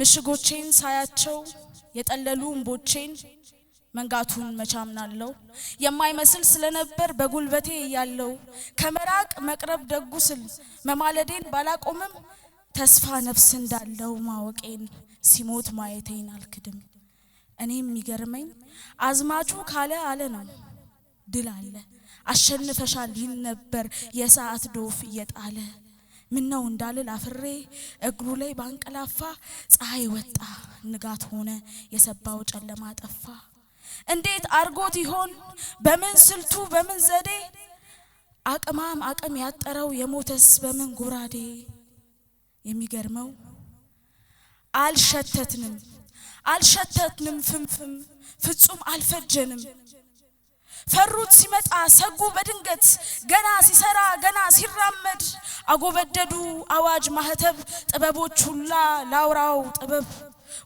ምሽጎቼን ሳያቸው የጠለሉ እንቦቼን መንጋቱን መቻምናለው የማይመስል ስለነበር በጉልበቴ ያለው ከመራቅ መቅረብ ደጉ ስል መማለዴን ባላቆምም ተስፋ ነፍስ እንዳለው ማወቄን ሲሞት ማየቴን አልክድም። እኔ የሚገርመኝ አዝማቹ ካለ አለ ነው ድል አለ አሸንፈሻል ይል ነበር የሰዓት ዶፍ እየጣለ ምን ነው እንዳልል አፍሬ እግሩ ላይ ባንቀላፋ፣ ፀሐይ ወጣ ንጋት ሆነ የሰባው ጨለማ ጠፋ። እንዴት አርጎት ይሆን በምን ስልቱ በምን ዘዴ አቅማም አቅም ያጠረው የሞተስ በምን ጉራዴ? የሚገርመው አልሸተትንም አልሸተትንም ፍምፍም ፍጹም አልፈጀንም። ፈሩት ሲመጣ ሰጉ በድንገት ገና ሲሰራ ገና ሲራመድ አጎበደዱ አዋጅ ማህተብ ጥበቦች ሁላ ላውራው ጥበብ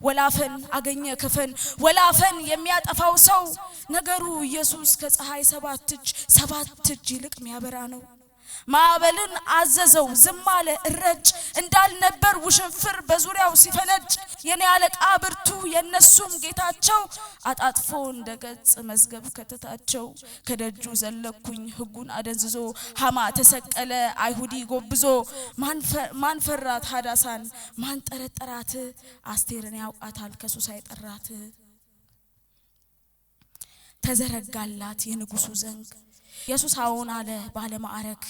ወላፈን አገኘ ከፈን ወላፈን የሚያጠፋው ሰው ነገሩ ኢየሱስ ከፀሐይ ሰባት እጅ ሰባት እጅ ይልቅ የሚያበራ ነው። ማዕበልን አዘዘው። ዝም አለ፣ እረጭ እንዳልነበር ውሽንፍር በዙሪያው ሲፈነጭ የኔ አለቃ ብርቱ የእነሱም ጌታቸው አጣጥፎ እንደ ገጽ መዝገብ ከተታቸው። ከደጁ ዘለኩኝ ሕጉን አደንዝዞ ሀማ ተሰቀለ አይሁዲ ጎብዞ። ማን ፈራት ሀዳሳን ማን ጠረጠራት? አስቴርን ያውቃታል ከሱሳ የጠራት ተዘረጋላት የንጉሱ ዘንግ ኢየሱስ አዎን አለ። ባለማዕረግ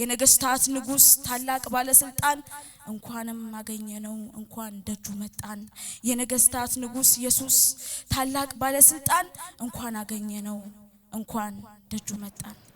የነገስታት ንጉስ ታላቅ ባለስልጣን እንኳንም አገኘነው፣ እንኳን ደጁ መጣን። የነገስታት ንጉስ ኢየሱስ ታላቅ ባለስልጣን እንኳን አገኘነው፣ እንኳን ደጁ መጣን።